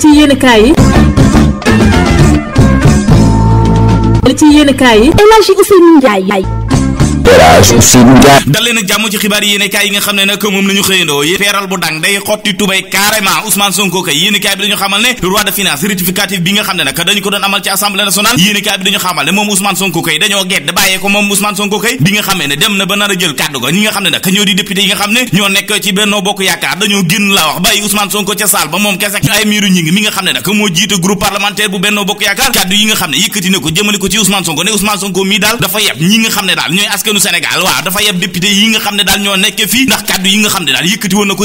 ci yéenekaay yi ci yéenekaay yi El Hadji Ousseynou Ndiaye forage jàmm ci xibaar yéene kaay yi nga xam ne nag moom la xëyandoo yi bu dang day xotti tubay carrément Ousmane Sonko ko doon amal bi dañu xam ne nag ñoo moo jiite groupe parlementaire bu Benno Bokk Yaakaar kàddu yi nga xam ne yëkkati na ko jëmale ko ci Ousmane Sonko ne Ousmane Sonko mii daal dafa yeb ñi nga xam ne daal ñooy askanu réewum Sénégal waaw dafa yeb député yi nga xam ne daal ñoo nekke fii ndax kàddu yi nga xam ne daal yëkkati na ko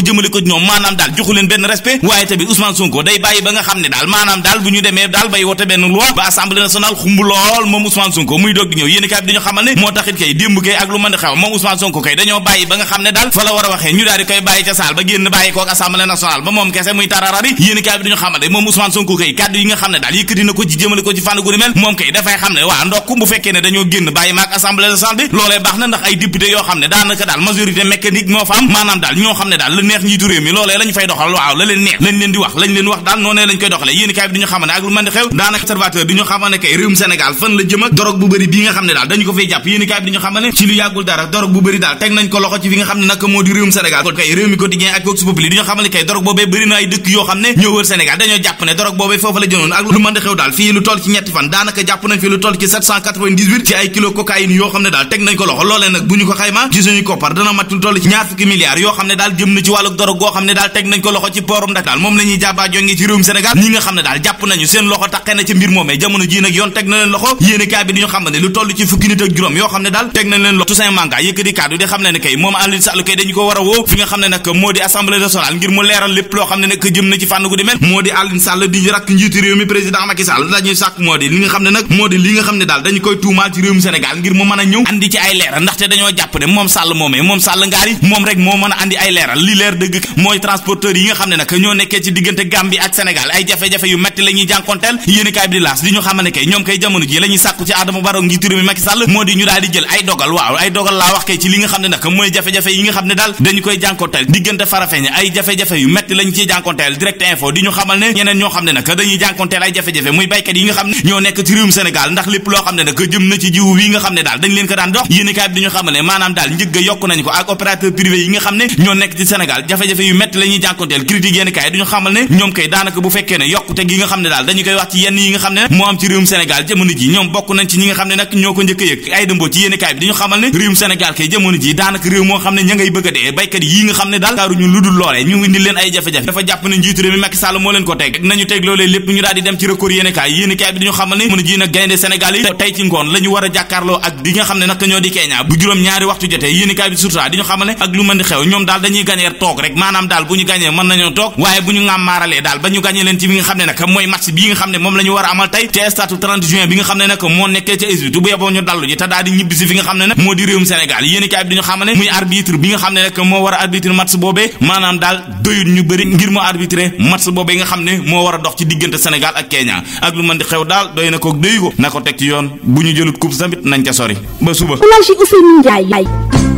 ci jëmale ko ci fànn mel moom kay dafay xam ne waa ndokk bu fekkee ne dañoo génn bàyyi maak assemblée nationale bi loolee baax na ndax ay député yoo xam ne daanaka daal majorité mécanique moo fa am maanaam daal ñoo xam ne daal la neex njiitu réew mi loolee lañ fay doxal waaw la leen neex lañ leen di wax lañ leen wax daal noonee lañ lu mën di xew fan la jàpp yéen fi lu toll ci ñetti fan daanaka jàpp nañ fi ci ay kilo cocaïne yoo xam ne daal teg nañ ko ko loxo loolee nag bu ñu ko xayma ci suñu koppar dana mat lu toll ci ñaar fukki milliards yoo xam ne daal jëm na ci réew mi président Macky dañuy sàkk moo di li nga xam ne nag moo di li nga xam ne daal dañu koy tuumaal ci réewum Sénégal ngir mu mën a ñëw andi ci ay ay leeral dañoo jàpp ne moom sàll moomee moom sàll ngaar yi moom rek moo mën a andi ay leeral li leer dëgg mooy transporteur yi nga xam ne nag ñoo nekk ci réewum Sénégal ndax lépp loo xam ne nag jëm na ci jiw wi nga xam ne daal dañ leen ko daan dox yéenekaay bi di xamal ne maanaam daal njëg yokk nañ ko ak opérateur privé yi nga xam ne ñoo nekk ci Sénégal jafe-jafe yu métti la ñuy jànkonteel yenn kay bi di xamal ne mën nag gaynde Sénégal yi tey ci ngoon lañu war jàkkaarloo ak di nga xam ne nag ñoo di Kenya bu juróom ñaari waxtu jotee yéenekaay bi sursa di ñu xamal ne ak lu mën di xew ñoom daal dañuy gagner toog rek maanaam daal bu ñu gagner mën nañoo toog waaye bu ñu ngàmmaaralee daal ba ñu gagner leen ci bi nga xam ne nag mooy match bi nga xam ne moom la war a amal tey ci stade arbitre match boobee maanaam daal doyut ñu bëri ngir mu arbitrer match boobee nga xam ne moo war a dox ci diggante Sénégal ak Kenya ak lu mën di xew daal doy na ko doy ko na ko teg Elhadji Ousseynou Ndiaye